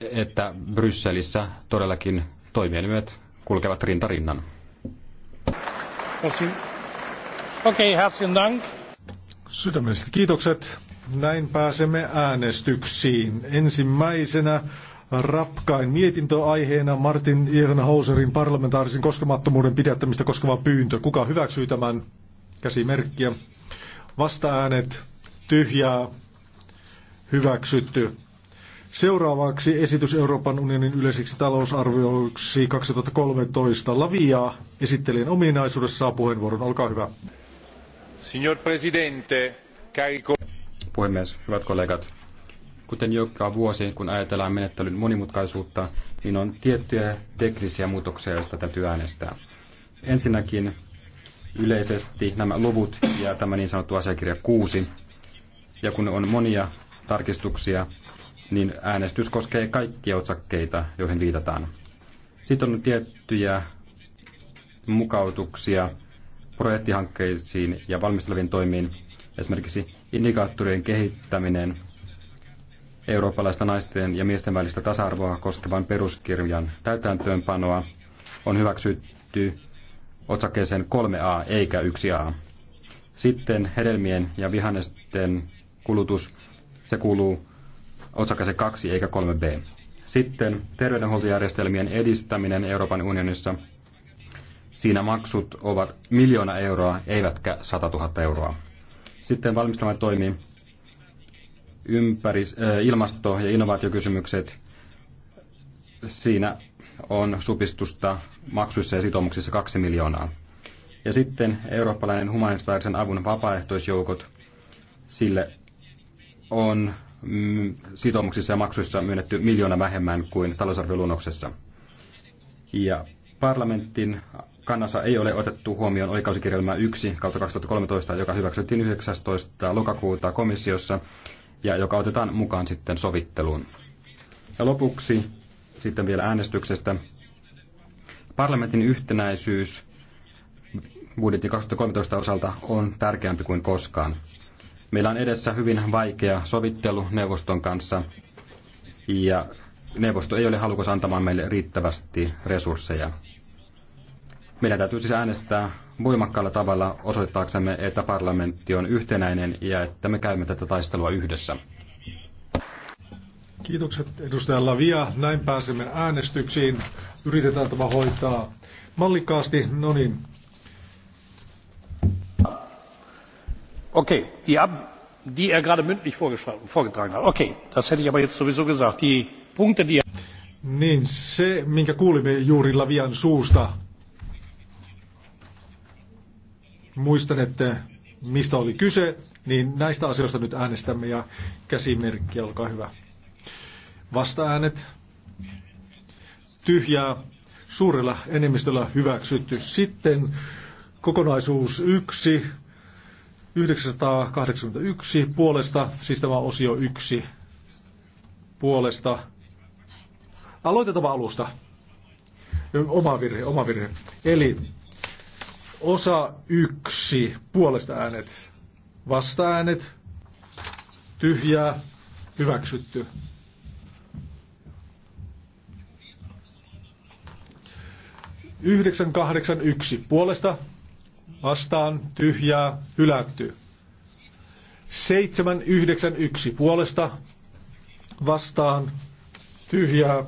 että Brysselissä todellakin toimielimet kulkevat rintarinnan. Okei, okay, dank. Sydämelliset kiitokset. Näin pääsemme äänestyksiin. Ensimmäisenä Rapkain mietintöaiheena Martin Ehrenhauserin parlamentaarisen koskemattomuuden pidättämistä koskeva pyyntö. Kuka hyväksyy tämän käsimerkkiä? Vastaäänet, tyhjää, hyväksytty. Seuraavaksi esitys Euroopan unionin yleiseksi talousarvioksi 2013. Lavia esittelijän ominaisuudessa puheenvuoron. Olkaa hyvä. Signor Presidente, cari Puhemies, hyvät kollegat. Kuten joka vuosi, kun ajatellaan menettelyn monimutkaisuutta, niin on tiettyjä teknisiä muutoksia, joista täytyy äänestää. Ensinnäkin yleisesti nämä luvut ja tämä niin sanottu asiakirja 6. Ja kun on monia tarkistuksia, niin äänestys koskee kaikkia otsakkeita, joihin viitataan. Sitten on tiettyjä mukautuksia projektihankkeisiin ja valmisteleviin toimiin, esimerkiksi indikaattorien kehittäminen, eurooppalaista naisten ja miesten välistä tasa-arvoa koskevan peruskirjan täytäntöönpanoa on hyväksytty otsakkeeseen 3a eikä 1a. Sitten hedelmien ja vihannesten kulutus, se kuuluu otsakase 2 eikä 3b. Sitten terveydenhuoltojärjestelmien edistäminen Euroopan unionissa. Siinä maksut ovat miljoona euroa, eivätkä 100 000 euroa. Sitten valmistelma toimii ympäris, äh, ilmasto- ja innovaatiokysymykset. Siinä on supistusta maksuissa ja sitoumuksissa 2 miljoonaa. Ja sitten eurooppalainen humanitaarisen avun vapaaehtoisjoukot. Sille on Mm, sitoumuksissa ja maksuissa myönnetty miljoona vähemmän kuin talousarvioluonnoksessa. Ja parlamentin kannassa ei ole otettu huomioon oikausikirjelmää 1 kautta 2013, joka hyväksyttiin 19. lokakuuta komissiossa ja joka otetaan mukaan sitten sovitteluun. Ja lopuksi sitten vielä äänestyksestä. Parlamentin yhtenäisyys budjetti 2013 osalta on tärkeämpi kuin koskaan. Meillä on edessä hyvin vaikea sovittelu neuvoston kanssa ja neuvosto ei ole halukas antamaan meille riittävästi resursseja. Meidän täytyy siis äänestää voimakkaalla tavalla osoittaaksemme, että parlamentti on yhtenäinen ja että me käymme tätä taistelua yhdessä. Kiitokset edustaja Lavia. Näin pääsemme äänestyksiin. Yritetään tämä hoitaa mallikkaasti. No niin, die er gerade mündlich vorgetragen hat. Okay, das hätte ich aber jetzt sowieso gesagt. Die Punkte, die er- Niin, se, minkä kuulimme juuri Lavian suusta, muistan, että mistä oli kyse, niin näistä asioista nyt äänestämme ja käsimerkki, olkaa hyvä. Vasta-äänet, tyhjää, suurella enemmistöllä hyväksytty. Sitten kokonaisuus yksi, 981 puolesta, siis tämä osio 1 puolesta. Aloitetaan alusta. Oma virhe, oma virhe. Eli osa 1 puolesta äänet, vasta äänet, tyhjää, hyväksytty. Yhdeksän kahdeksan yksi puolesta vastaan tyhjää hylätty. 791 puolesta vastaan tyhjää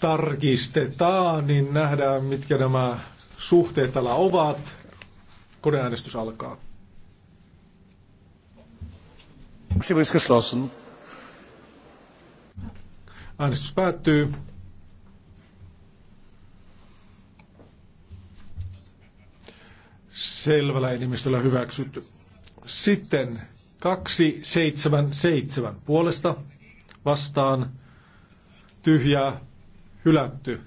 tarkistetaan, niin nähdään mitkä nämä suhteet täällä ovat. Koneäänestys alkaa. Äänestys päättyy. selvällä enemmistöllä hyväksytty. Sitten 277 puolesta vastaan tyhjää hylätty.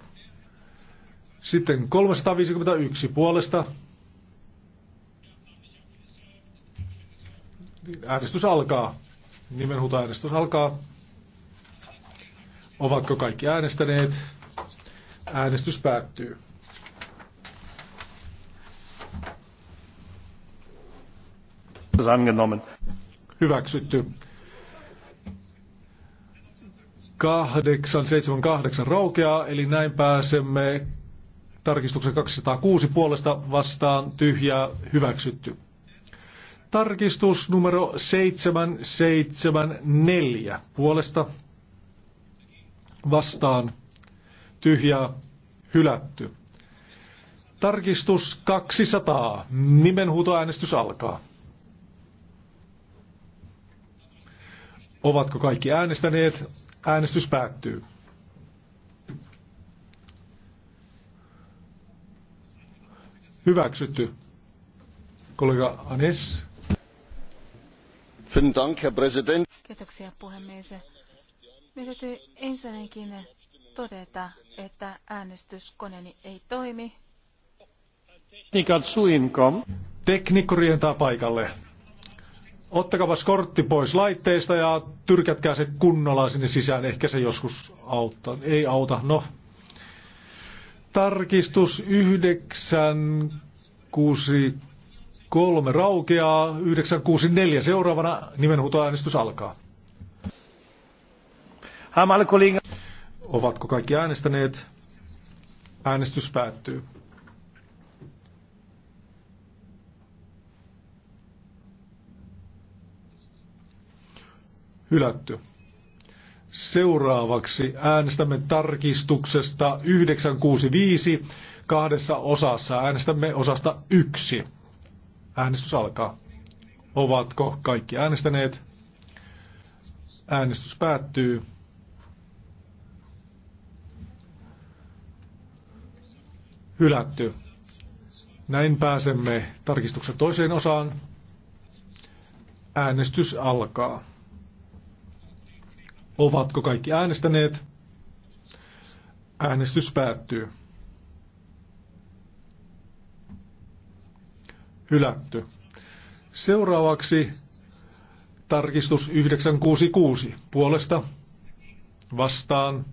Sitten 351 puolesta. Äänestys alkaa. Nimenhuuto äänestys alkaa. Ovatko kaikki äänestäneet? Äänestys päättyy. Hyväksytty. 878 raukeaa, eli näin pääsemme tarkistuksen 206 puolesta vastaan tyhjää hyväksytty. Tarkistus numero 774 puolesta vastaan tyhjää hylätty. Tarkistus 200. Nimenhuutoäänestys alkaa. Ovatko kaikki äänestäneet? Äänestys päättyy. Hyväksytty. Kollega Anes. Kiitoksia puhemies. Meidän täytyy ensinnäkin todeta, että äänestyskoneeni ei toimi. Tekniikka suinkaan. Teknikko rientää paikalle. Ottakapas kortti pois laitteesta ja tyrkätkää se kunnolla sinne sisään. Ehkä se joskus auttaa. Ei auta. No. Tarkistus 963 raukeaa. 964 seuraavana nimenhuutoäänestys alkaa. Ovatko kaikki äänestäneet? Äänestys päättyy. hylätty. Seuraavaksi äänestämme tarkistuksesta 965 kahdessa osassa. Äänestämme osasta yksi. Äänestys alkaa. Ovatko kaikki äänestäneet? Äänestys päättyy. Hylätty. Näin pääsemme tarkistuksen toiseen osaan. Äänestys alkaa. Ovatko kaikki äänestäneet? Äänestys päättyy. Hylätty. Seuraavaksi tarkistus 966. Puolesta, vastaan,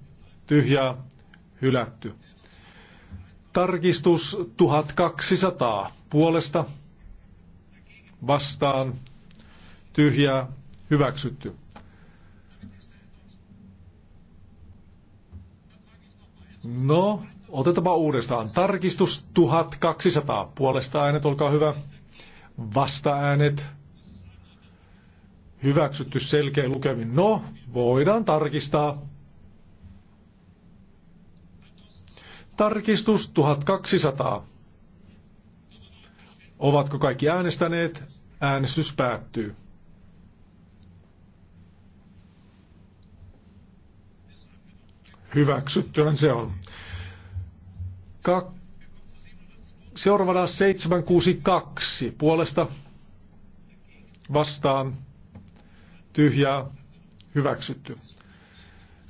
tyhjää, hylätty. Tarkistus 1200. Puolesta, vastaan, tyhjää, hyväksytty. No, otetaanpa uudestaan. Tarkistus 1200. Puolesta äänet, olkaa hyvä. Vasta äänet. Hyväksytty selkeä lukemin. No, voidaan tarkistaa. Tarkistus 1200. Ovatko kaikki äänestäneet? Äänestys päättyy. hyväksyttyä. se on. Kak- Seuraavana 762 puolesta vastaan tyhjää hyväksytty.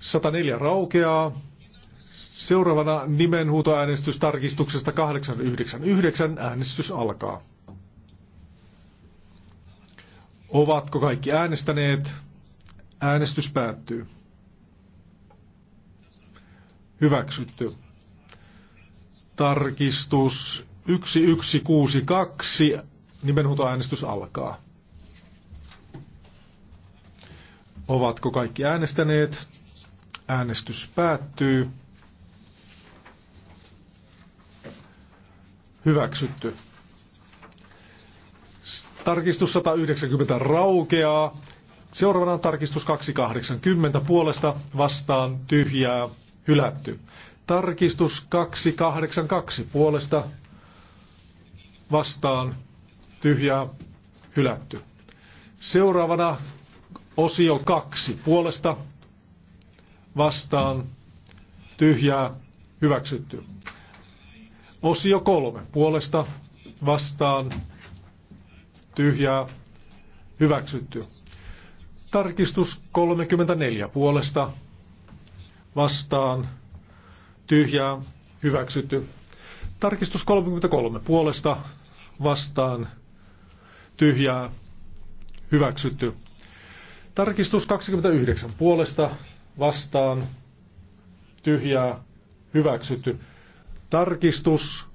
104 raukeaa. Seuraavana tarkistuksesta 899 äänestys alkaa. Ovatko kaikki äänestäneet? Äänestys päättyy hyväksytty. Tarkistus 1162, nimenhuutoäänestys alkaa. Ovatko kaikki äänestäneet? Äänestys päättyy. Hyväksytty. Tarkistus 190 raukeaa. Seuraavana on tarkistus 280 puolesta vastaan tyhjää hylätty. Tarkistus 282 puolesta vastaan tyhjää hylätty. Seuraavana osio 2 puolesta vastaan tyhjää hyväksytty. Osio 3 puolesta vastaan tyhjää hyväksytty. Tarkistus 34 puolesta vastaan tyhjää hyväksytty. Tarkistus 33 puolesta vastaan tyhjää hyväksytty. Tarkistus 29 puolesta vastaan tyhjää hyväksytty. Tarkistus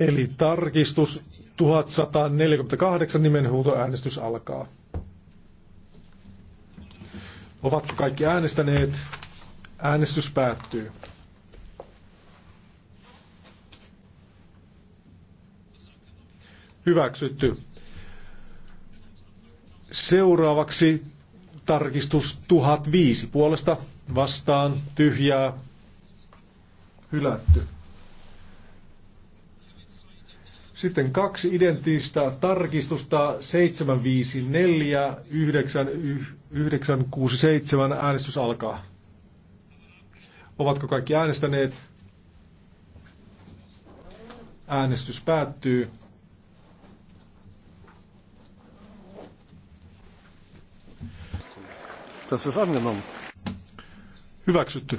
Eli tarkistus 1148 nimenhuutoäänestys alkaa. Ovatko kaikki äänestäneet? Äänestys päättyy. Hyväksytty. Seuraavaksi tarkistus 1005 puolesta vastaan tyhjää hylätty. Sitten kaksi identtistä tarkistusta 754 967 äänestys alkaa. Ovatko kaikki äänestäneet? Äänestys päättyy. Tässä on Hyväksytty.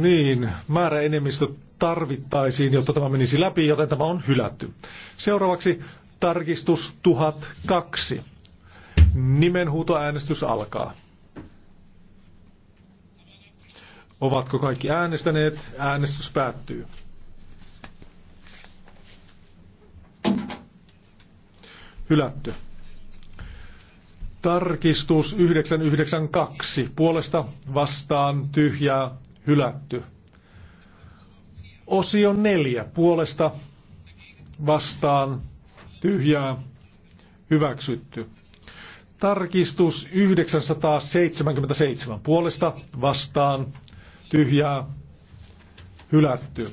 Niin, määräenemmistö tarvittaisiin, jotta tämä menisi läpi, joten tämä on hylätty. Seuraavaksi tarkistus 1002. Nimenhuutoäänestys alkaa. Ovatko kaikki äänestäneet? Äänestys päättyy. Hylätty. Tarkistus 992. Puolesta vastaan tyhjää hylätty. Osio neljä puolesta vastaan tyhjää hyväksytty. Tarkistus 977 puolesta vastaan tyhjää hylätty.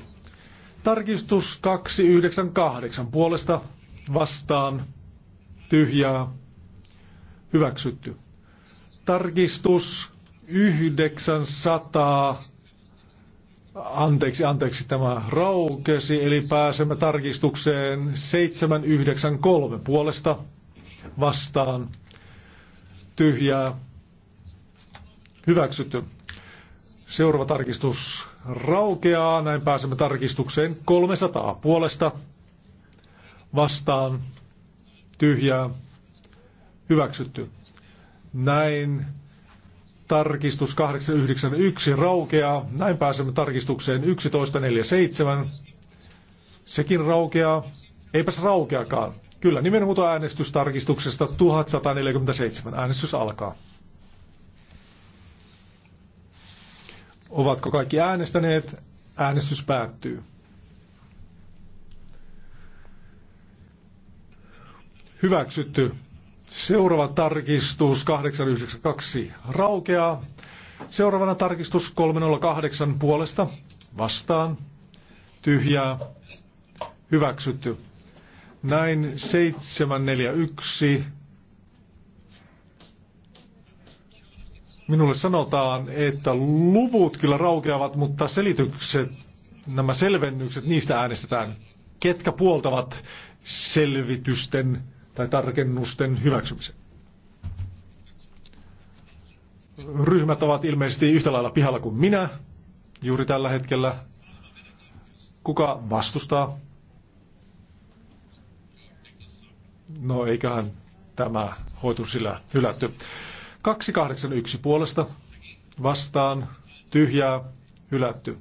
Tarkistus 298 puolesta vastaan tyhjää hyväksytty. Tarkistus 900 Anteeksi, anteeksi, tämä raukesi, eli pääsemme tarkistukseen 793 puolesta vastaan. Tyhjää. Hyväksytty. Seuraava tarkistus raukeaa, näin pääsemme tarkistukseen 300 puolesta vastaan. Tyhjää. Hyväksytty. Näin Tarkistus 891 raukeaa. Näin pääsemme tarkistukseen 1147. Sekin raukeaa. Eipäs raukeakaan. Kyllä, nimenhuutoäänestystarkistuksesta 1147. Äänestys alkaa. Ovatko kaikki äänestäneet? Äänestys päättyy. Hyväksytty. Seuraava tarkistus 892 raukeaa. Seuraavana tarkistus 308 puolesta vastaan. Tyhjää. Hyväksytty. Näin 741. Minulle sanotaan, että luvut kyllä raukeavat, mutta selitykset, nämä selvennykset, niistä äänestetään. Ketkä puoltavat selvitysten tai tarkennusten hyväksymisen. Ryhmät ovat ilmeisesti yhtä lailla pihalla kuin minä juuri tällä hetkellä. Kuka vastustaa? No eiköhän tämä hoitu sillä hylätty. 281 puolesta vastaan tyhjää hylätty.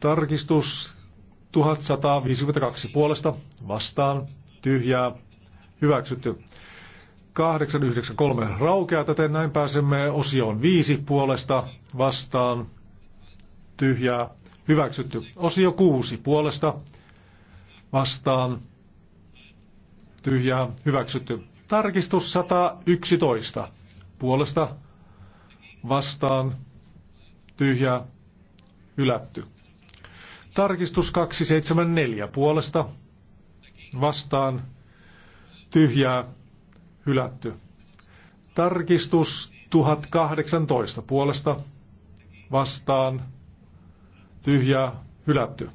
Tarkistus 1152 puolesta vastaan tyhjää hyväksytty. 893 raukeaa, täten näin pääsemme osioon 5 puolesta vastaan tyhjää hyväksytty. Osio 6 puolesta vastaan tyhjää hyväksytty. Tarkistus 111 puolesta vastaan tyhjää hylätty. Tarkistus 274 puolesta vastaan tyhjää hylätty. Tarkistus 1018 puolesta vastaan tyhjää hylätty.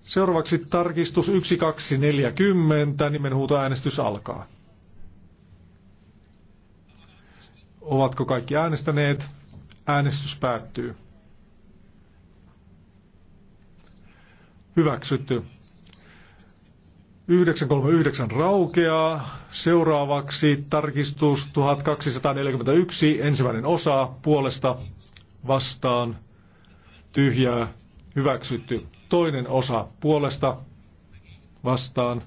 Seuraavaksi tarkistus 1240, nimenhuutoäänestys alkaa. Ovatko kaikki äänestäneet? Äänestys päättyy. hyväksytty. 939 raukeaa. Seuraavaksi tarkistus 1241, ensimmäinen osa puolesta vastaan tyhjää hyväksytty. Toinen osa puolesta vastaan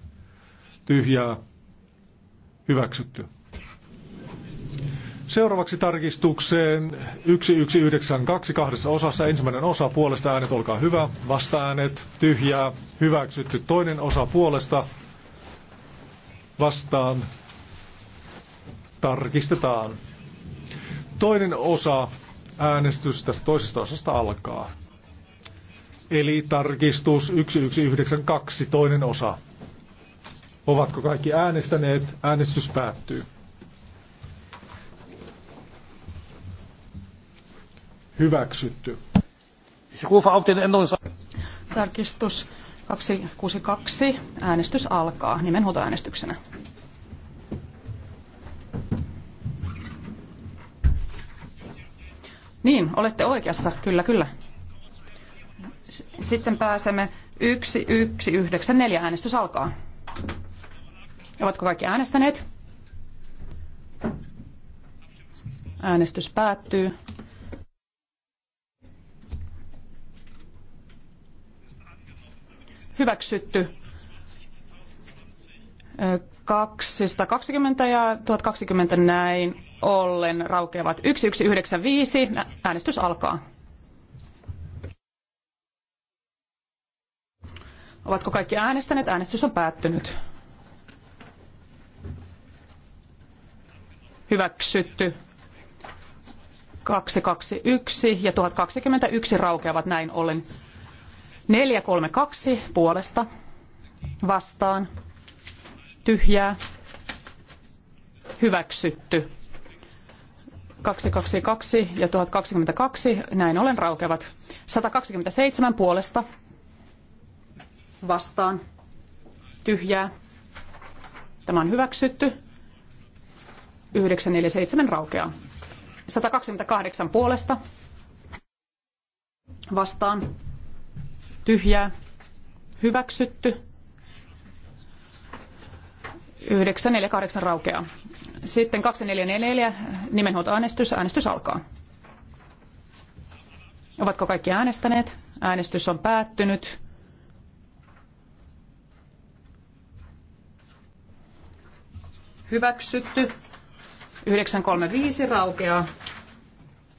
tyhjää hyväksytty. Seuraavaksi tarkistukseen 1192 kahdessa osassa. Ensimmäinen osa puolesta äänet, olkaa hyvä. Vasta-äänet, tyhjää, hyväksytty. Toinen osa puolesta vastaan tarkistetaan. Toinen osa äänestys tästä toisesta osasta alkaa. Eli tarkistus 1192, toinen osa. Ovatko kaikki äänestäneet? Äänestys päättyy. Hyväksytty. Tarkistus 262. Äänestys alkaa nimenhuutoäänestyksenä. Niin, olette oikeassa, kyllä, kyllä. Sitten pääsemme 1194 äänestys alkaa. Ovatko kaikki äänestäneet? Äänestys päättyy. hyväksytty 220 ja 1020 näin ollen raukeavat 1195. Äänestys alkaa. Ovatko kaikki äänestäneet? Äänestys on päättynyt. Hyväksytty. 221 ja 1021 raukeavat näin ollen. 432 puolesta vastaan tyhjää hyväksytty. 222 ja 1022, näin ollen raukevat 127 puolesta vastaan tyhjää. Tämä on hyväksytty. 947 raukeaa. 128 puolesta vastaan tyhjää, hyväksytty. 948 raukeaa. Sitten 2444 äänestys, Äänestys alkaa. Ovatko kaikki äänestäneet? Äänestys on päättynyt. Hyväksytty. 935 raukeaa.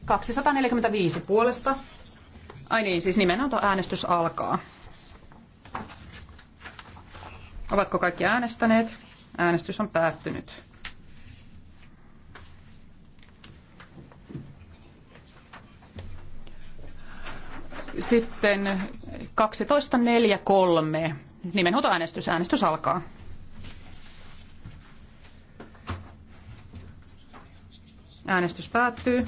245 puolesta Ai niin, siis nimenauto äänestys alkaa. Ovatko kaikki äänestäneet? Äänestys on päättynyt. Sitten 12.43. Nimenhuutoäänestys. Äänestys alkaa. Äänestys päättyy.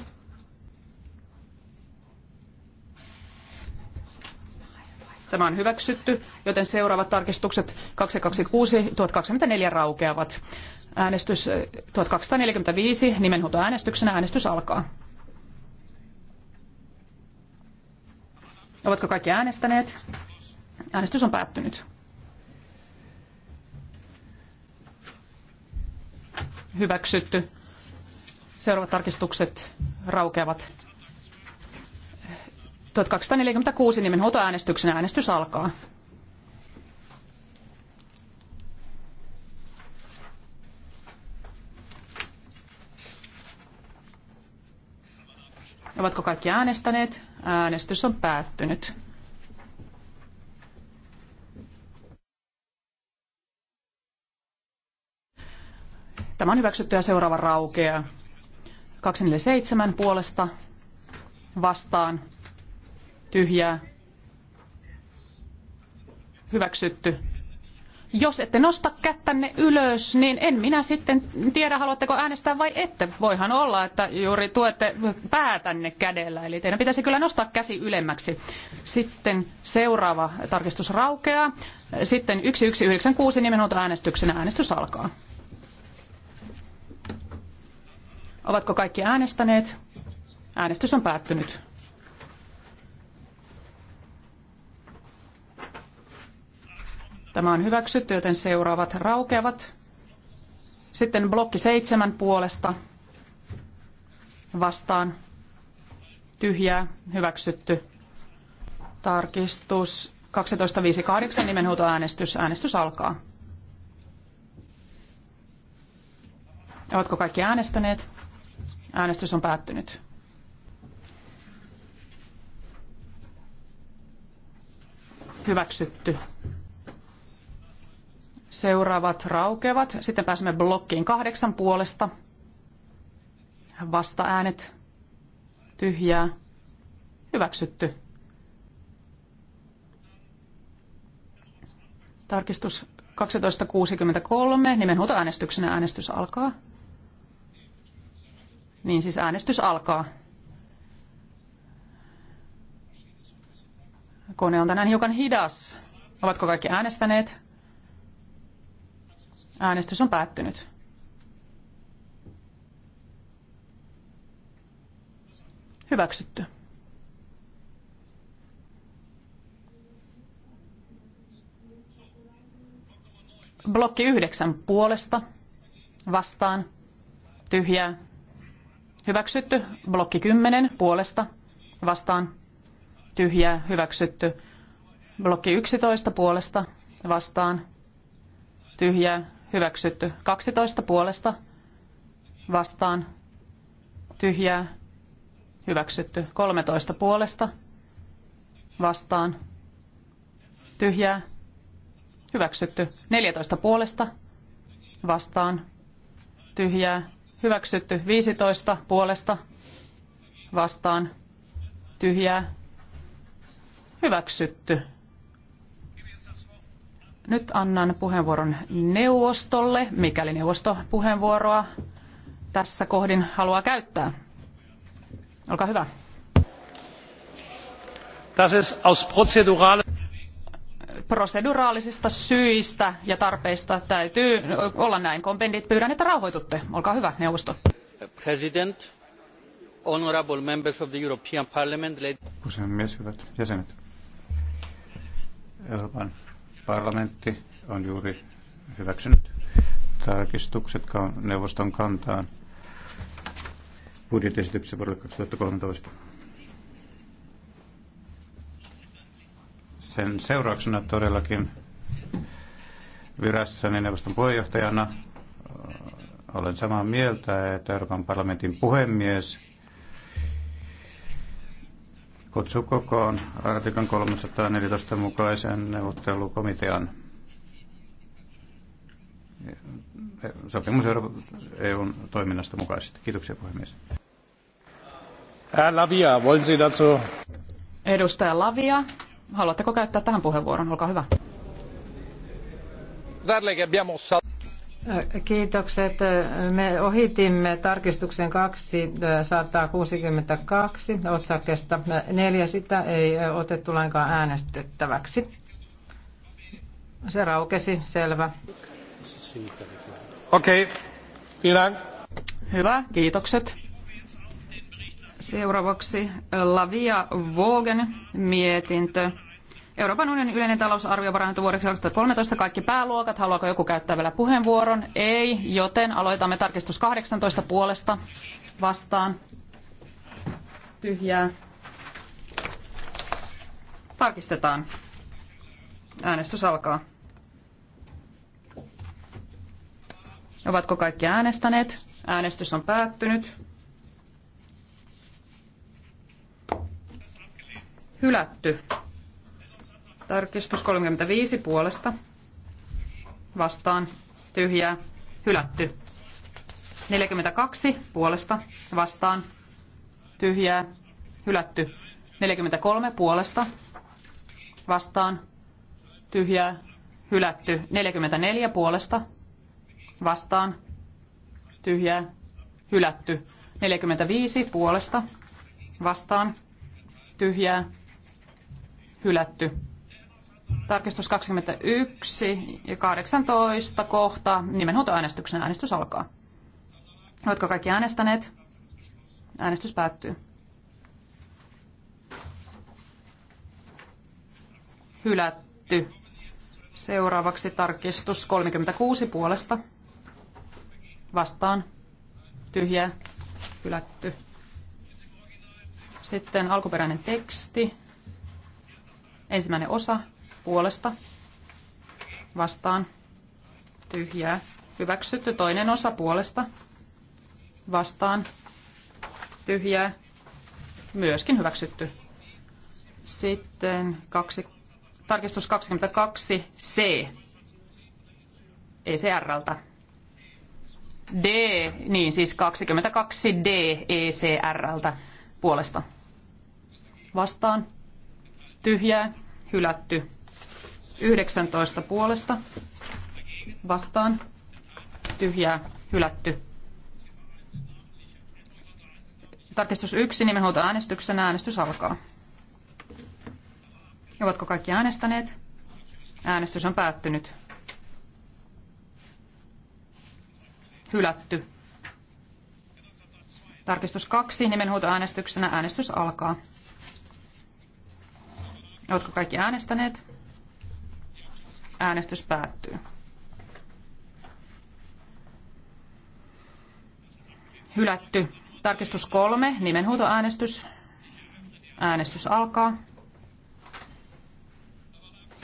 Tämä on hyväksytty, joten seuraavat tarkistukset 226 1024 raukeavat. Äänestys 1245 äh, nimenhuutoäänestyksenä äänestys alkaa. Ovatko kaikki äänestäneet? Äänestys on päättynyt. Hyväksytty. Seuraavat tarkistukset raukeavat. 1246 nimen huutoäänestyksenä äänestys alkaa. Ovatko kaikki äänestäneet? Äänestys on päättynyt. Tämä on hyväksytty ja seuraava raukeaa. 247 puolesta vastaan tyhjää hyväksytty. Jos ette nosta kättänne ylös, niin en minä sitten tiedä, haluatteko äänestää vai ette. Voihan olla, että juuri tuette päätänne kädellä, eli teidän pitäisi kyllä nostaa käsi ylemmäksi. Sitten seuraava tarkistus raukeaa. Sitten 1196 nimenhuolto äänestyksenä äänestys alkaa. Ovatko kaikki äänestäneet? Äänestys on päättynyt. Tämä on hyväksytty, joten seuraavat raukeavat. Sitten blokki seitsemän puolesta vastaan tyhjää hyväksytty. Tarkistus 12.58 nimenhuutoäänestys. Äänestys alkaa. Ovatko kaikki äänestäneet? Äänestys on päättynyt. Hyväksytty. Seuraavat raukeavat. Sitten pääsemme blokkiin kahdeksan puolesta. Vasta-äänet. Tyhjää. Hyväksytty. Tarkistus 1263. Nimenhuutoäänestyksenä äänestys alkaa. Niin siis äänestys alkaa. Kone on tänään hiukan hidas. Ovatko kaikki äänestäneet? Äänestys on päättynyt. Hyväksytty. Blokki yhdeksän puolesta. Vastaan. Tyhjää. Hyväksytty. Blokki kymmenen puolesta. Vastaan. Tyhjää. Hyväksytty. Blokki yksitoista puolesta. Vastaan. Tyhjää hyväksytty. 12 puolesta vastaan tyhjää hyväksytty. 13 puolesta vastaan tyhjää hyväksytty. 14 puolesta vastaan tyhjää hyväksytty. 15 puolesta vastaan tyhjää hyväksytty. Nyt annan puheenvuoron neuvostolle, mikäli neuvosto puheenvuoroa tässä kohdin haluaa käyttää. Olkaa hyvä. Das ist aus prozedurale proseduraalisista syistä ja tarpeista täytyy olla näin. Kompendit pyydän, että rauhoitutte. Olkaa hyvä, neuvosto. President, honorable members of the European Parliament, ladies... Puhemies, hyvät jäsenet. Euroopan Parlamentti on juuri hyväksynyt tarkistukset neuvoston kantaan budjettiesityksen vuodelle 2013. Sen seurauksena todellakin virassani neuvoston puheenjohtajana olen samaa mieltä, että Euroopan parlamentin puhemies kutsu kokoon artiklan 314 mukaisen neuvottelukomitean sopimus EUn toiminnasta mukaisesti. Kiitoksia puhemies. Lavia, wollen Sie dazu? Edustaja Lavia, haluatteko käyttää tähän puheenvuoron? Olkaa hyvä. Kiitokset. Me ohitimme tarkistuksen 262 otsakesta 4. Sitä ei otettu lainkaan äänestettäväksi. Se raukesi, selvä. Okei, okay. Hyvä. Hyvä, kiitokset. Seuraavaksi Lavia Vogen mietintö. Euroopan unionin yleinen talousarvio varannettu vuodeksi 2013. Kaikki pääluokat. Haluaako joku käyttää vielä puheenvuoron? Ei, joten aloitamme tarkistus 18 puolesta vastaan. Tyhjää. Tarkistetaan. Äänestys alkaa. Ovatko kaikki äänestäneet? Äänestys on päättynyt. Hylätty. Tarkistus 35 puolesta. Vastaan. Tyhjää. Hylätty. 42 puolesta. Vastaan. Tyhjää. Hylätty. 43 puolesta. Vastaan. Tyhjää. Hylätty. 44 puolesta. Vastaan. Tyhjää. Hylätty. 45 puolesta. Vastaan. Tyhjää. Hylätty. Tarkistus 21 ja 18 kohta. Nimenhuutoäänestyksen äänestys alkaa. Oletko kaikki äänestäneet? Äänestys päättyy. Hylätty. Seuraavaksi tarkistus 36 puolesta. Vastaan. Tyhjä. Hylätty. Sitten alkuperäinen teksti. Ensimmäinen osa puolesta vastaan tyhjää hyväksytty. Toinen osa puolesta vastaan tyhjää myöskin hyväksytty. Sitten kaksi, tarkistus 22 e C R-ltä. D, niin siis 22 D ECR-ltä puolesta. Vastaan. Tyhjää, hylätty. 19 puolesta vastaan tyhjää hylätty. Tarkistus 1 nimenhuolto äänestyksen äänestys alkaa. Ovatko kaikki äänestäneet? Äänestys on päättynyt. Hylätty. Tarkistus 2 äänestyksenä. äänestys alkaa. Ovatko kaikki äänestäneet? Äänestys päättyy. Hylätty. Tarkistus kolme, nimenhuutoäänestys. Äänestys alkaa.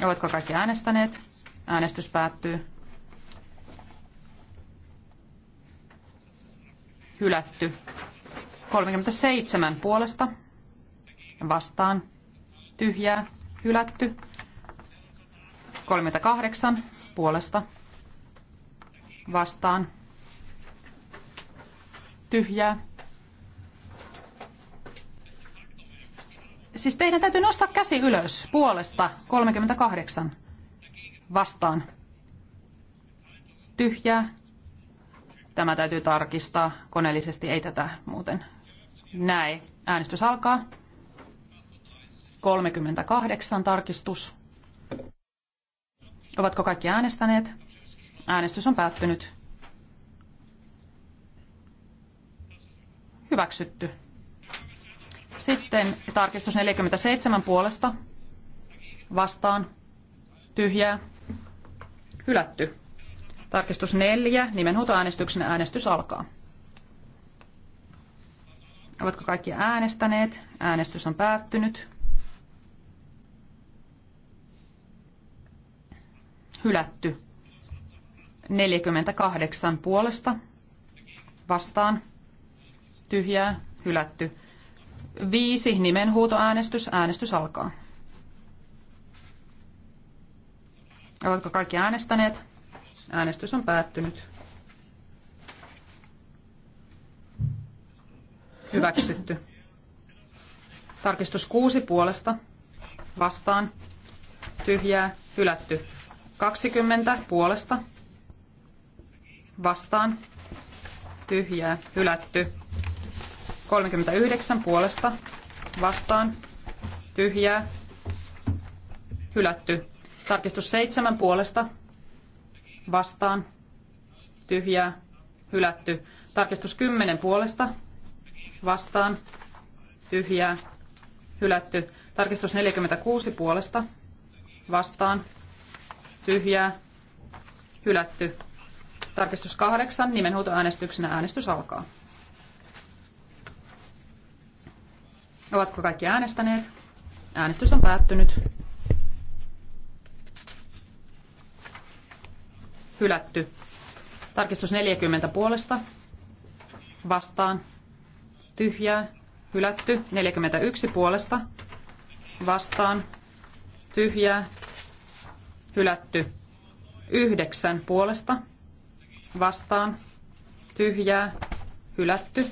Oletko kaikki äänestäneet? Äänestys päättyy. Hylätty. 37 puolesta. Vastaan. Tyhjää. Hylätty. 38 puolesta vastaan tyhjää. Siis teidän täytyy nostaa käsi ylös puolesta 38 vastaan tyhjää. Tämä täytyy tarkistaa. Koneellisesti ei tätä muuten näe. Äänestys alkaa. 38 tarkistus. Ovatko kaikki äänestäneet? Äänestys on päättynyt. Hyväksytty. Sitten tarkistus 47 puolesta. Vastaan. Tyhjää. Hylätty. Tarkistus 4. Nimenhuutoäänestyksen äänestys alkaa. Ovatko kaikki äänestäneet? Äänestys on päättynyt. hylätty. 48 puolesta vastaan tyhjää hylätty. Viisi nimenhuutoäänestys. Äänestys alkaa. Ovatko kaikki äänestäneet? Äänestys on päättynyt. Hyväksytty. Tarkistus kuusi puolesta. Vastaan. Tyhjää. Hylätty. 20 puolesta vastaan tyhjää hylätty. 39 puolesta vastaan tyhjää hylätty. Tarkistus 7 puolesta vastaan tyhjää hylätty. Tarkistus 10 puolesta vastaan tyhjää hylätty. Tarkistus 46 puolesta vastaan tyhjää, hylätty. Tarkistus kahdeksan, nimenhuutoäänestyksenä äänestys alkaa. Ovatko kaikki äänestäneet? Äänestys on päättynyt. Hylätty. Tarkistus 40 puolesta. Vastaan. Tyhjää. Hylätty. 41 puolesta. Vastaan. Tyhjää hylätty. Yhdeksän puolesta vastaan tyhjää hylätty.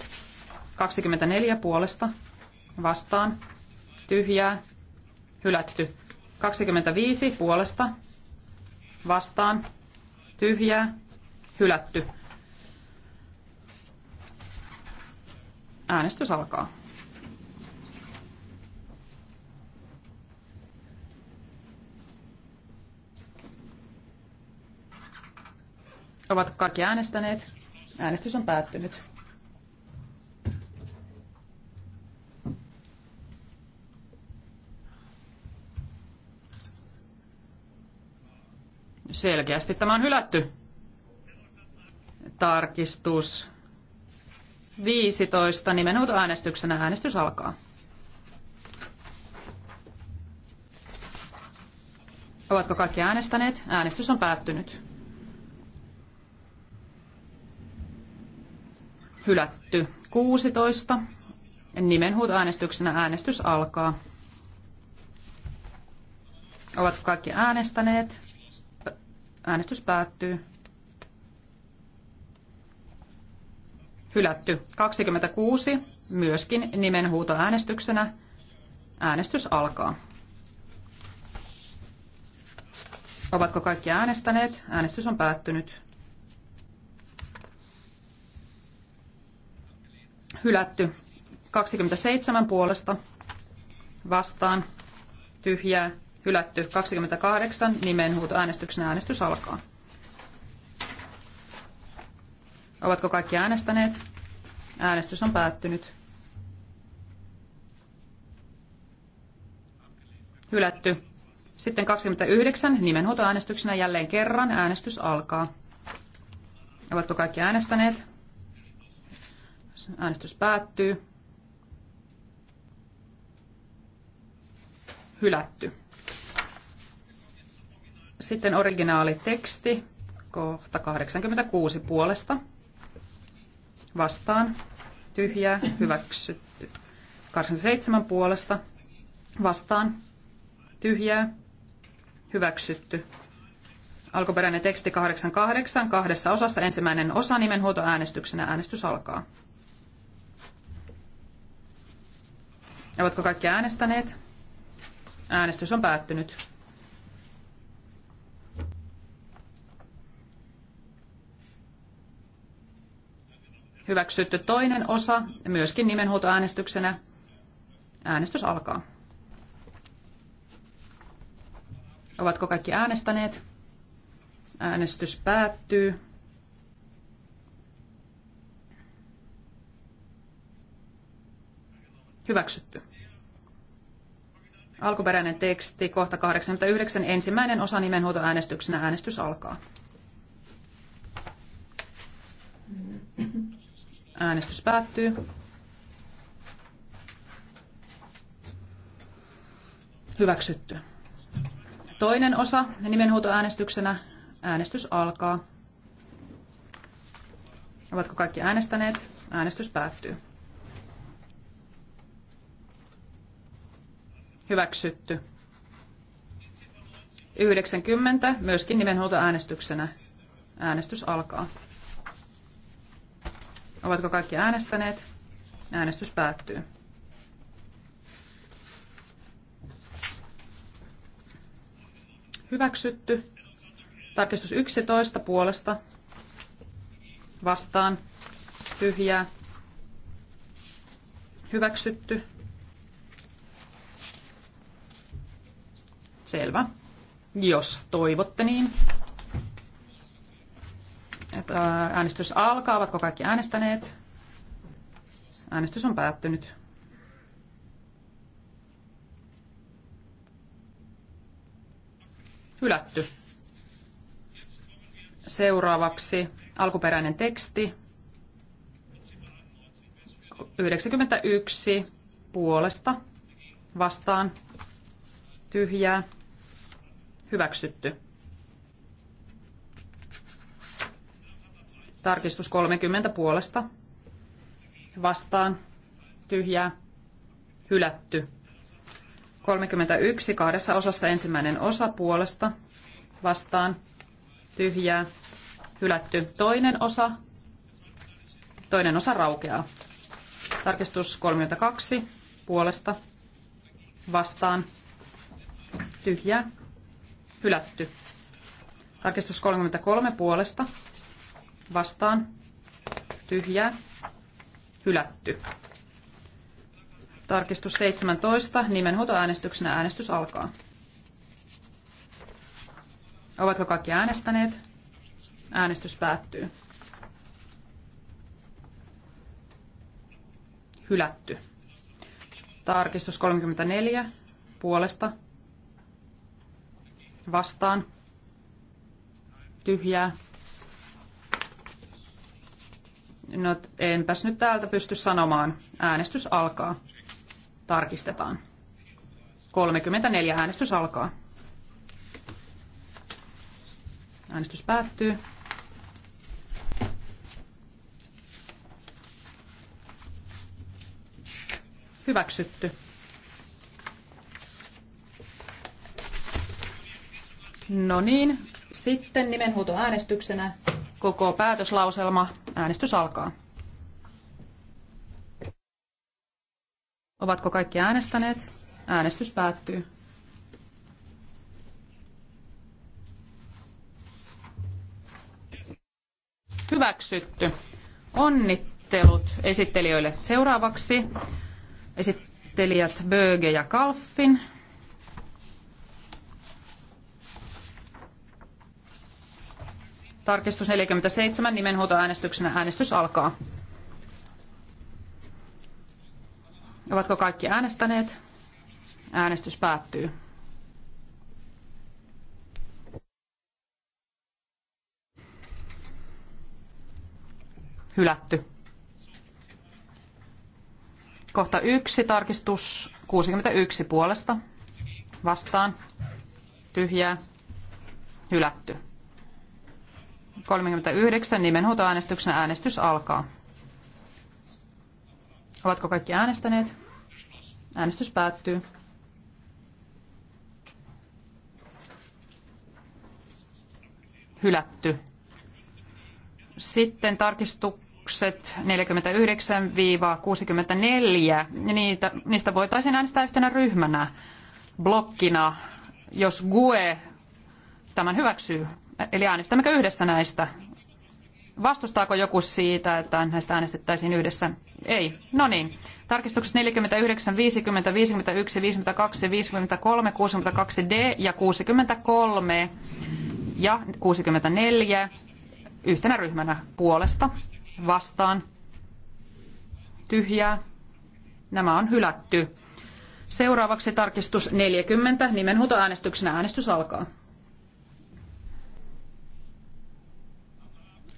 24 puolesta vastaan tyhjää hylätty. 25 puolesta vastaan tyhjää hylätty. Äänestys alkaa. Ovatko kaikki äänestäneet. Äänestys on päättynyt. Selkeästi tämä on hylätty. Tarkistus 15 äänestyksenä. äänestys alkaa. Ovatko kaikki äänestäneet? Äänestys on päättynyt. hylätty. 16. äänestyksenä äänestys alkaa. Ovatko kaikki äänestäneet? Äänestys päättyy. Hylätty. 26. Myöskin äänestyksenä Äänestys alkaa. Ovatko kaikki äänestäneet? Äänestys on päättynyt. hylätty 27 puolesta vastaan tyhjää hylätty 28 nimenhuuto äänestyksen äänestys alkaa. Ovatko kaikki äänestäneet? Äänestys on päättynyt. Hylätty. Sitten 29 nimenhuutoäänestyksenä jälleen kerran äänestys alkaa. Ovatko kaikki äänestäneet? Äänestys päättyy. Hylätty. Sitten originaali teksti, kohta 86 puolesta. Vastaan. Tyhjää. Hyväksytty. 87 puolesta. Vastaan. Tyhjää. Hyväksytty. Alkuperäinen teksti 88 kahdessa osassa. Ensimmäinen osa nimenhuutoäänestyksenä. Äänestys alkaa. Ovatko kaikki äänestäneet? Äänestys on päättynyt. Hyväksytty toinen osa, myöskin nimenhuutoäänestyksenä. Äänestys alkaa. Ovatko kaikki äänestäneet? Äänestys päättyy. Hyväksytty. Alkuperäinen teksti, kohta 89, ensimmäinen osa nimenhuutoäänestyksenä. Äänestys alkaa. Äänestys päättyy. Hyväksytty. Toinen osa nimenhuutoäänestyksenä. Äänestys alkaa. Ovatko kaikki äänestäneet? Äänestys päättyy. Hyväksytty. 90, myöskin nimenhuoltoäänestyksenä. Äänestys alkaa. Ovatko kaikki äänestäneet? Äänestys päättyy. Hyväksytty. Tarkistus 11 puolesta. Vastaan. Tyhjää. Hyväksytty. Selvä. Jos toivotte niin. Että äänestys alkaa. Ovatko kaikki äänestäneet? Äänestys on päättynyt. Hylätty. Seuraavaksi alkuperäinen teksti. 91 puolesta vastaan tyhjää Hyväksytty. Tarkistus 30 puolesta. Vastaan. Tyhjää. Hylätty. 31 kahdessa osassa ensimmäinen osa puolesta. Vastaan. Tyhjää. Hylätty. Toinen osa. Toinen osa raukeaa. Tarkistus 32 puolesta. Vastaan. Tyhjää hylätty. Tarkistus 33 puolesta vastaan tyhjää hylätty. Tarkistus 17. Nimenhuutoäänestyksenä äänestys alkaa. Ovatko kaikki äänestäneet? Äänestys päättyy. Hylätty. Tarkistus 34. Puolesta vastaan tyhjää. No enpäs nyt täältä pysty sanomaan. Äänestys alkaa. Tarkistetaan. 34 äänestys alkaa. Äänestys päättyy. Hyväksytty. No niin, sitten nimenhuuto äänestyksenä koko päätöslauselma. Äänestys alkaa. Ovatko kaikki äänestäneet? Äänestys päättyy. Hyväksytty. Onnittelut esittelijöille. Seuraavaksi esittelijät Böge ja Kalfin. Tarkistus 47 nimenhuutoäänestyksenä äänestys alkaa. Ovatko kaikki äänestäneet? Äänestys päättyy. Hylätty. Kohta yksi, tarkistus 61 puolesta. Vastaan. Tyhjää. Hylätty. 39 nimenhuutoäänestyksen äänestys alkaa. Ovatko kaikki äänestäneet? Äänestys päättyy. Hylätty. Sitten tarkistukset 49-64. niistä voitaisiin äänestää yhtenä ryhmänä, blokkina, jos GUE tämän hyväksyy. Eli äänestämmekö yhdessä näistä? Vastustaako joku siitä, että näistä äänestettäisiin yhdessä? Ei. No niin. Tarkistukset 49, 50, 51, 52, 53, 62D ja 63 ja 64 yhtenä ryhmänä puolesta vastaan tyhjää. Nämä on hylätty. Seuraavaksi tarkistus 40. Nimenhuutoäänestyksenä äänestys alkaa.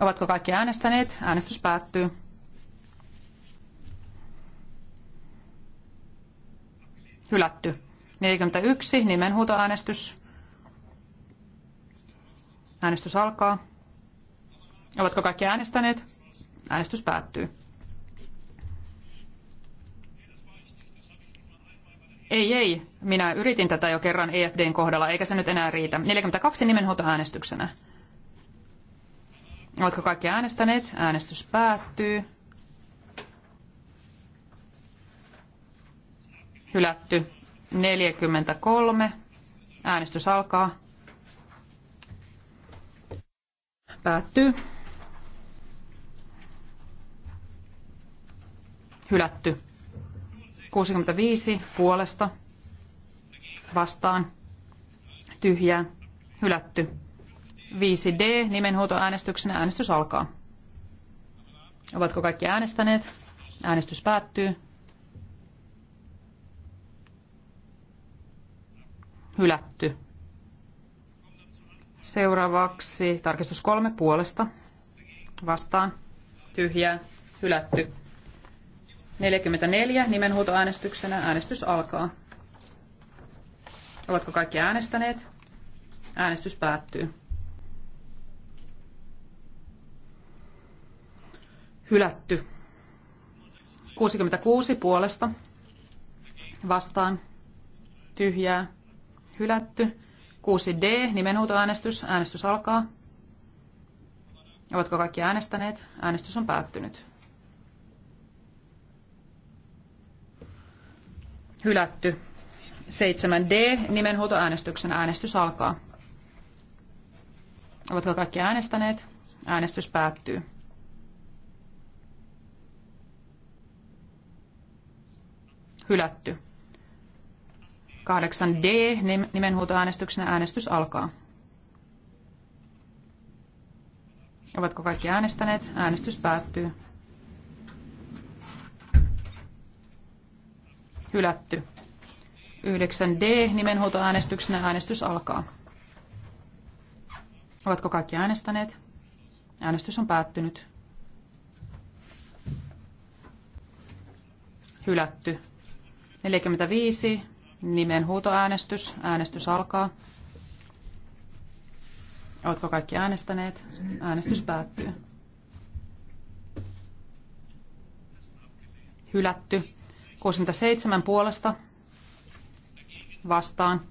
Ovatko kaikki äänestäneet? Äänestys päättyy. Hylätty. 41. Nimenhuutoäänestys. Äänestys alkaa. Ovatko kaikki äänestäneet? Äänestys päättyy. Ei, ei. Minä yritin tätä jo kerran EFDn kohdalla, eikä se nyt enää riitä. 42 nimenhuutoäänestyksenä. äänestyksenä. Oletko kaikki äänestäneet? Äänestys päättyy. Hylätty 43. Äänestys alkaa. Päättyy. Hylätty 65 puolesta vastaan. Tyhjää. Hylätty 5D nimenhuutoäänestyksenä. Äänestys alkaa. Ovatko kaikki äänestäneet? Äänestys päättyy. Hylätty. Seuraavaksi tarkistus kolme puolesta. Vastaan. Tyhjää. Hylätty. 44 nimenhuutoäänestyksenä. Äänestys alkaa. Ovatko kaikki äänestäneet? Äänestys päättyy. hylätty. 66 puolesta vastaan tyhjää hylätty. 6D nimenhuutoäänestys. Äänestys alkaa. Ovatko kaikki äänestäneet? Äänestys on päättynyt. Hylätty. 7D nimenhuutoäänestyksen äänestys alkaa. Ovatko kaikki äänestäneet? Äänestys päättyy. hylätty. 8D nimenhuutoäänestyksenä äänestys alkaa. Ovatko kaikki äänestäneet? Äänestys päättyy. Hylätty. 9D nimenhuutoäänestyksenä äänestys alkaa. Ovatko kaikki äänestäneet? Äänestys on päättynyt. Hylätty. 45, nimen huutoäänestys. Äänestys alkaa. Oletko kaikki äänestäneet? Äänestys päättyy. Hylätty. 67 puolesta. Vastaan.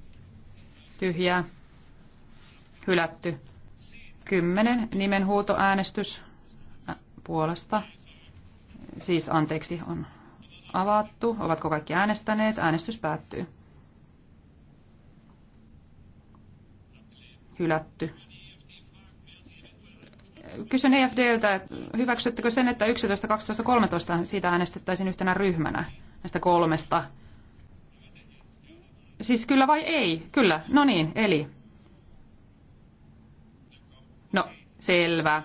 Tyhjää. Hylätty. 10 nimen huutoäänestys puolesta. Siis anteeksi, on avattu. Ovatko kaikki äänestäneet? Äänestys päättyy. Hylätty. Kysyn EFDltä, että hyväksyttekö sen, että 11, 12, 13 siitä äänestettäisiin yhtenä ryhmänä näistä kolmesta? Siis kyllä vai ei? Kyllä. No niin, eli. No, selvä.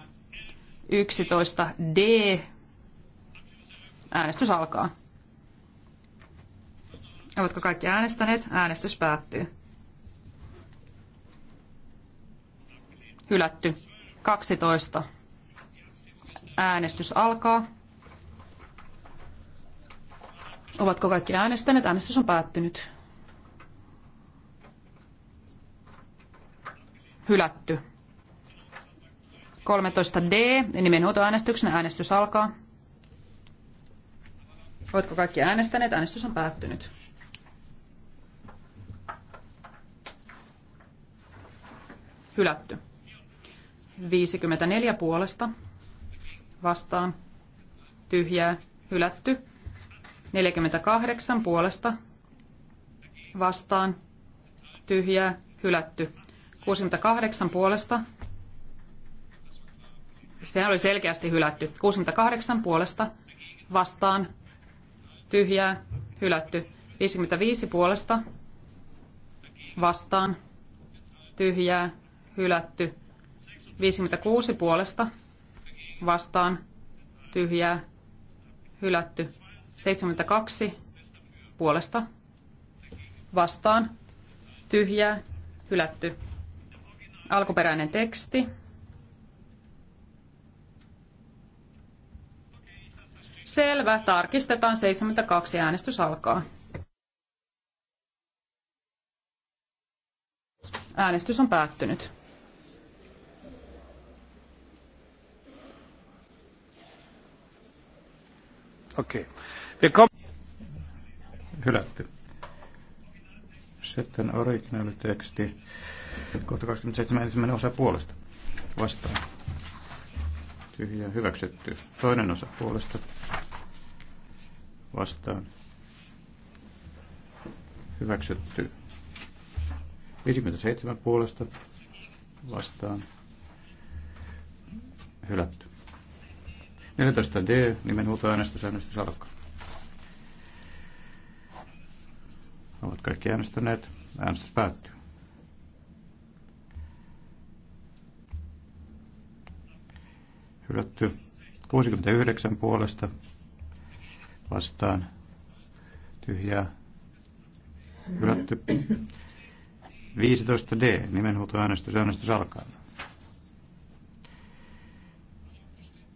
11D. Äänestys alkaa. Ovatko kaikki äänestäneet? Äänestys päättyy. Hylätty. 12. Äänestys alkaa. Ovatko kaikki äänestäneet? Äänestys on päättynyt. Hylätty. 13D. Nimenhuutoäänestyksen äänestys alkaa. Ovatko kaikki äänestäneet? Äänestys on päättynyt. hylätty. 54 puolesta vastaan tyhjää hylätty. 48 puolesta vastaan tyhjää hylätty. 68 puolesta se oli selkeästi hylätty. 68 puolesta vastaan tyhjää hylätty. 55 puolesta vastaan tyhjää hylätty. 56 puolesta vastaan tyhjää hylätty. 72 puolesta vastaan tyhjää hylätty. Alkuperäinen teksti. Selvä, tarkistetaan 72 äänestys alkaa. Äänestys on päättynyt. Okei. Okay. Hylätty. Sitten originaaliteksti. Kohta 27. Ensimmäinen osa puolesta. Vastaan. Tyhjä. Hyväksytty. Toinen osa puolesta. Vastaan. Hyväksytty. 57 puolesta. Vastaan. Hylätty. 14D, nimenhuutoäänestysäänestys salkka. Ovat kaikki äänestäneet. Äänestys päättyy. Hylätty 69 puolesta vastaan tyhjää hylätty. 15D, nimenhuutoäänestys, äänestys alkaa.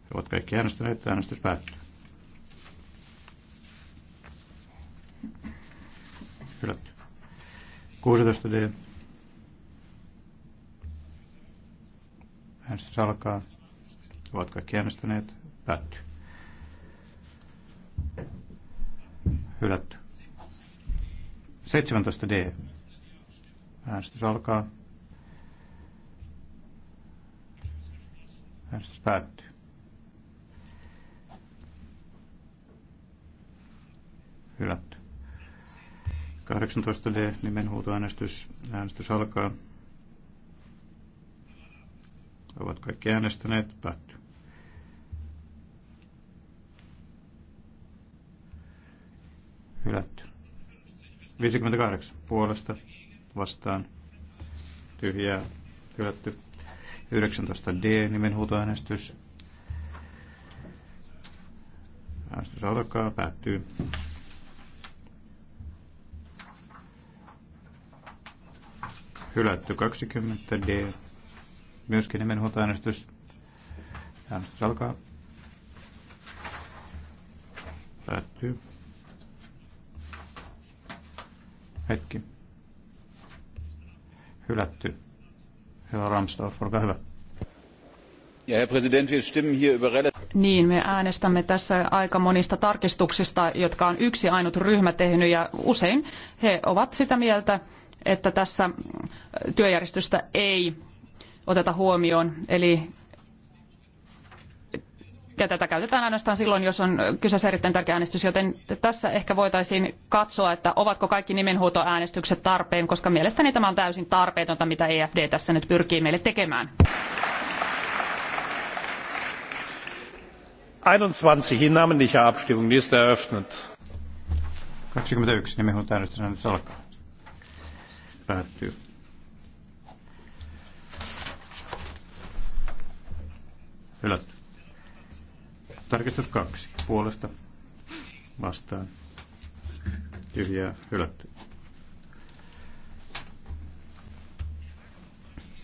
He Ovat kaikki äänestäneet. Äänestys päättyy. Hylätty. 16 D. Äänestys alkaa. He Ovat kaikki äänestäneet. Päättyy. Hylätty. 17 D. Äänestys alkaa. Äänestys päättyy. hylätty. 18D nimenhuutoäänestys. Äänestys alkaa. Ovat kaikki äänestäneet. Päättyy. Hylätty. 58 puolesta vastaan. Tyhjää. Hylätty. 19D nimenhuutoäänestys. Äänestys alkaa. Päättyy. Hylätty 20D. Myöskin nimenhuoltoäänestys. Äänestys alkaa. Päättyy. Hetki. Hylätty. Herra Ramstorff, olkaa hyvä. Ja herr Präsident, wir stimmen hier über niin, me äänestämme tässä aika monista tarkistuksista, jotka on yksi ainut ryhmä tehnyt ja usein he ovat sitä mieltä, että tässä työjärjestystä ei oteta huomioon. Eli ja tätä käytetään ainoastaan silloin, jos on kyseessä erittäin tärkeä äänestys, joten tässä ehkä voitaisiin katsoa, että ovatko kaikki nimenhuutoäänestykset tarpeen, koska mielestäni tämä on täysin tarpeetonta, mitä EFD tässä nyt pyrkii meille tekemään. 21 in Abstimmung, ist eröffnet. 21 nimenhuutoäänestys on nyt alkaa päättyy. Hylätty. Tarkistus kaksi. Puolesta vastaan. Tyhjää hylätty.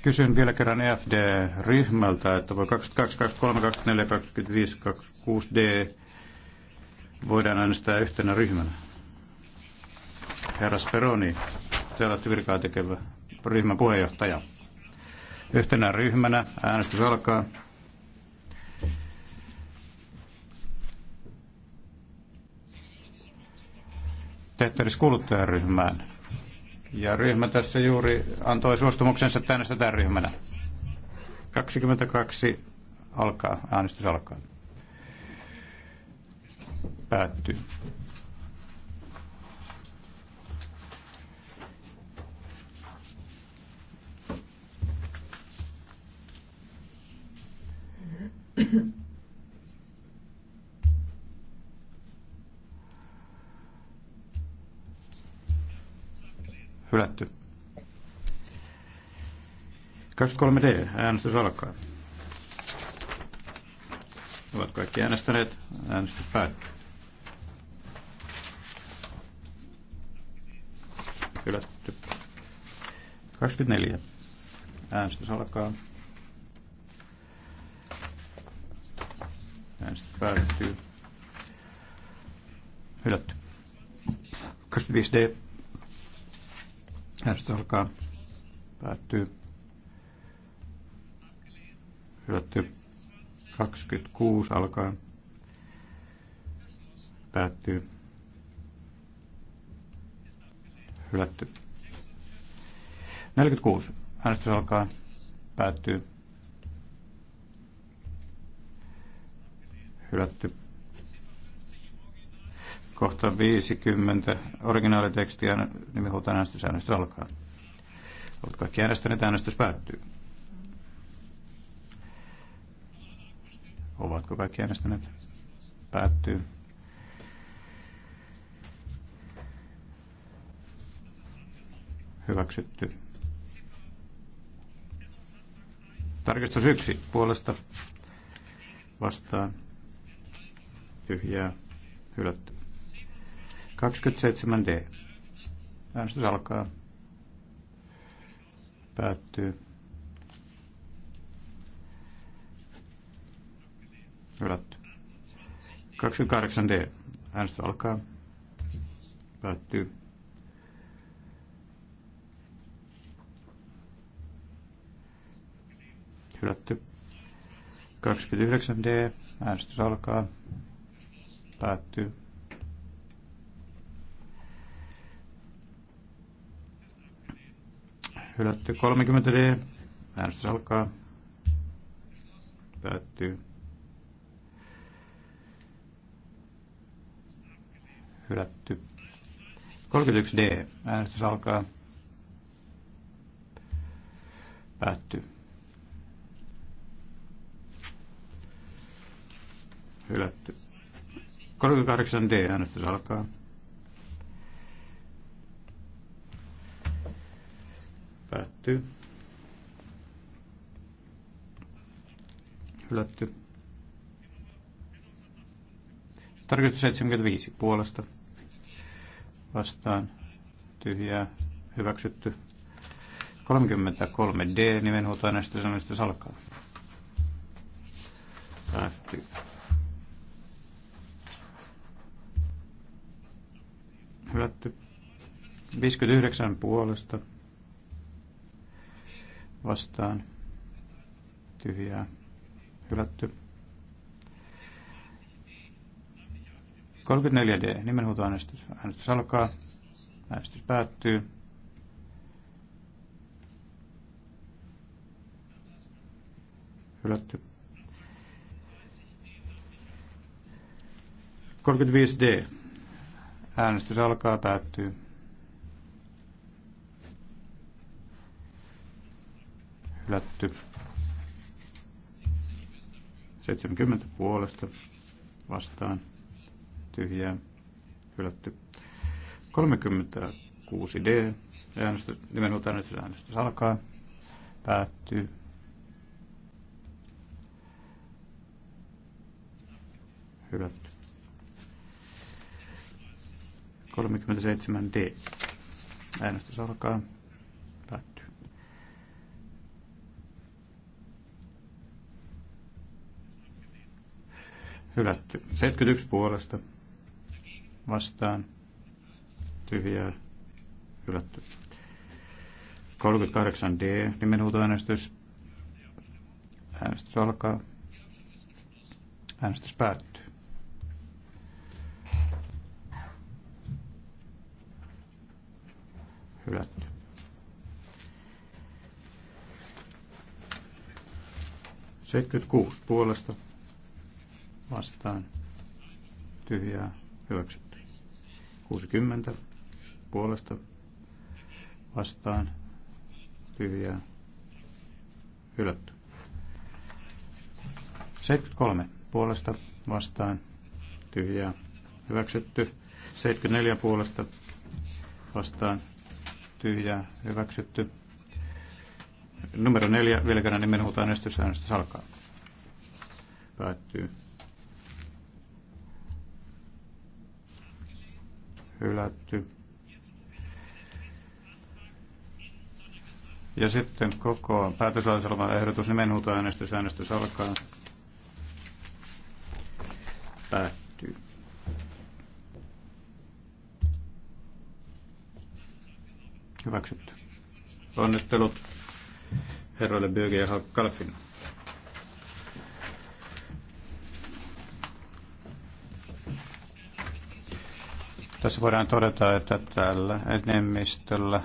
Kysyn vielä kerran EFD-ryhmältä, että voi 22, 23, 24, 25, 26 D voidaan äänestää yhtenä ryhmänä. Herra Speroni, te olette virkaa tekevä ryhmän puheenjohtaja. Yhtenä ryhmänä äänestys alkaa. Tehtävissä kuluttajaryhmään. Ja ryhmä tässä juuri antoi suostumuksensa tänne sitä ryhmänä. 22 alkaa, äänestys alkaa. Päättyy. Hylätty. 23D. Äänestys alkaa. Ovat kaikki äänestäneet. Äänestys päättyy. Hylätty. 24. Äänestys alkaa. päättyy. Hylätty. 25D. Äänestys alkaa. Päättyy. Hylätty. 26 alkaa. Päättyy. Hylätty. 46. Äänestys alkaa. Päättyy. hylätty. Kohta 50. Originaalitekstiä nimihuutaan niin äänestysäännöstä alkaa. Olet kaikki äänestäneet, äänestys päättyy. Ovatko kaikki äänestäneet? Päättyy. Hyväksytty. Tarkistus yksi puolesta vastaan tyhjää hylätty. 27D. Äänestys alkaa. Päättyy. Hylätty. 28D. Äänestys alkaa. Päättyy. Hylätty. 29D. Äänestys alkaa. Päättyy. Hylätty 30D. Äänestys alkaa. Päättyy. Hylätty. 31D. Äänestys alkaa. Päättyy. Hylätty. 38 D-äänestys alkaa. Päättyy. Hylätty. Tarkoitus 75 puolesta. Vastaan tyhjää hyväksytty. 33 D nimenhuutoäänestys äänestys alkaa. Päättyy. hylätty. 59 puolesta vastaan tyhjää hylätty. 34D, nimenhuutoäänestys. Äänestys alkaa. Äänestys päättyy. Hylätty. 35D Äänestys alkaa, päättyy. Hylätty. 70 puolesta vastaan. Tyhjää. Hylätty. 36D. Äänestys, nimenomaan äänestys, äänestys alkaa. Päättyy. Hylätty. 37D. Äänestys alkaa. Päättyy. Hylätty. 71 puolesta. Vastaan. Tyhjää. Hylätty. 38D. Nimenhuutoäänestys. Äänestys alkaa. Äänestys päättyy. 76 puolesta vastaan tyhjää hyväksytty. 60 puolesta vastaan tyhjää hylätty. 73 puolesta vastaan tyhjää hyväksytty. 74 puolesta vastaan tyhjää hyväksytty. Numero neljä, vielä kerran nimenhuutoäänestys, äänestys alkaa. Päättyy. Hylätty. Ja sitten koko päätöslauselman ehdotus nimenhuutoäänestys, äänestysäänestys alkaa. Päättyy. Hyväksytty. Onnittelut herroille Böge ja Kalfin. Tässä voidaan todeta, että tällä enemmistöllä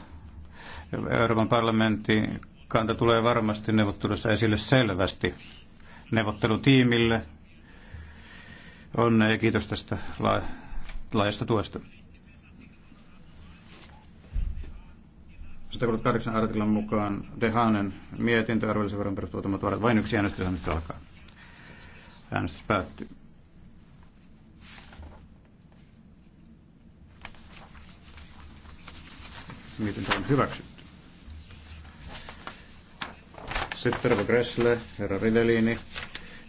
Euroopan parlamentin kanta tulee varmasti neuvottelussa esille selvästi neuvottelutiimille. Onnea ja kiitos tästä laajasta tuesta. 138 artiklan mukaan Dehanen mietintö arvonlisäveron perustuvat varat. Vain yksi äänestys, äänestys alkaa. Äänestys päättyy. Mietintö on hyväksytty. Sitten Rova Gressle, herra Rivelini,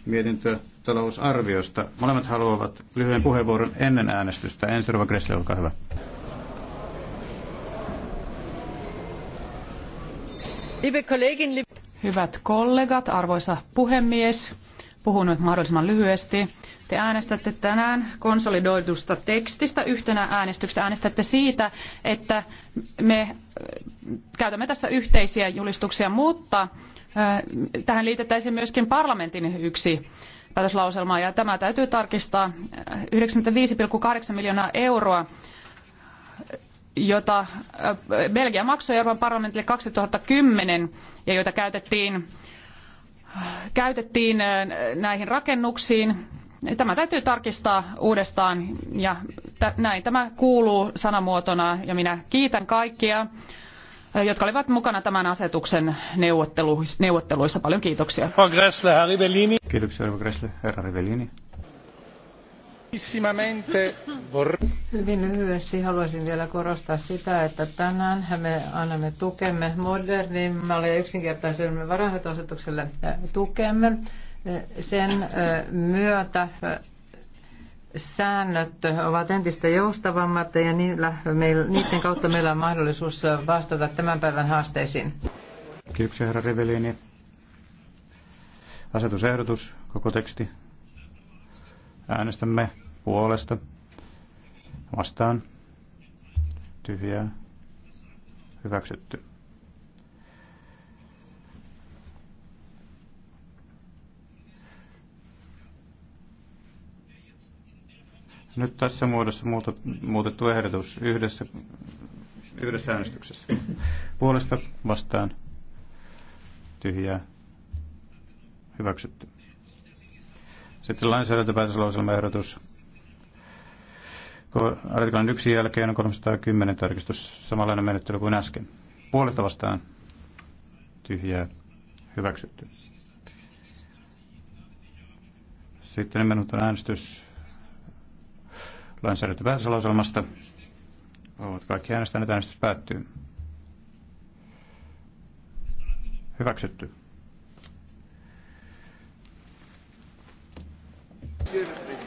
mietintö talousarviosta. Molemmat haluavat lyhyen puheenvuoron ennen äänestystä. Ensin Rova Gressle, olkaa hyvä. Hyvät kollegat, arvoisa puhemies, puhun nyt mahdollisimman lyhyesti. Te äänestätte tänään konsolidoidusta tekstistä yhtenä äänestyksestä. Äänestätte siitä, että me äh, käytämme tässä yhteisiä julistuksia, mutta äh, tähän liitettäisiin myöskin parlamentin yksi päätöslauselma, ja tämä täytyy tarkistaa 95,8 äh, miljoonaa euroa jota Belgia maksoi Euroopan parlamentille 2010 ja joita käytettiin, käytettiin näihin rakennuksiin. Tämä täytyy tarkistaa uudestaan ja näin tämä kuuluu sanamuotona ja minä kiitän kaikkia jotka olivat mukana tämän asetuksen neuvottelu, neuvotteluissa. Paljon kiitoksia. Kiitoksia, Herra Rivellini. Hyvin lyhyesti haluaisin vielä korostaa sitä, että tänään me annamme tukemme modernimmalle ja yksinkertaisemmalle varainhoitoasetukselle tukemme. Sen myötä säännöt ovat entistä joustavammat ja niillä, meillä, niiden kautta meillä on mahdollisuus vastata tämän päivän haasteisiin. Kiitoksia herra Riveliini. Asetusehdotus, koko teksti. Äänestämme puolesta vastaan tyhjää hyväksytty. Nyt tässä muodossa muutettu ehdotus yhdessä, yhdessä äänestyksessä. Puolesta vastaan tyhjää hyväksytty. Sitten lainsäädäntöpäätöslauselmaehdotus Artiklan yksi jälkeen on 310 tarkistus, samanlainen menettely kuin äsken. Puolesta vastaan tyhjää hyväksytty. Sitten on äänestys lainsäädäntöpäätöslauselmasta. Ovat kaikki äänestäneet, äänestys päättyy. Hyväksytty. Kiitos.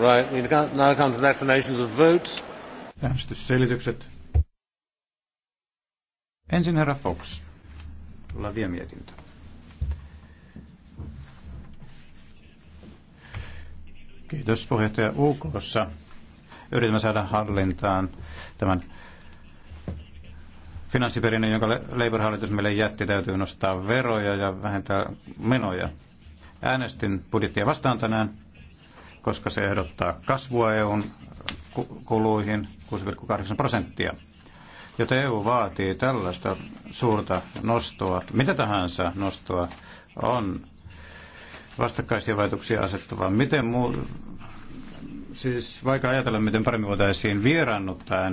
Right, we now come to the explanations of vote. Äänestysselitykset. Ensin herra Fox. vielä mietintö. Kiitos puheenjohtaja UKssa. Yritämme saada hallintaan tämän finanssiperinnön, jonka Labour-hallitus meille jätti, täytyy nostaa veroja ja vähentää menoja. Äänestin budjettia vastaan tänään koska se ehdottaa kasvua EUn kuluihin 6,8 prosenttia. Joten EU vaatii tällaista suurta nostoa, mitä tahansa nostoa on vastakkaisia vaikutuksia asettavaa. Miten muu, siis vaikka ajatella, miten paremmin voitaisiin vieraannuttaa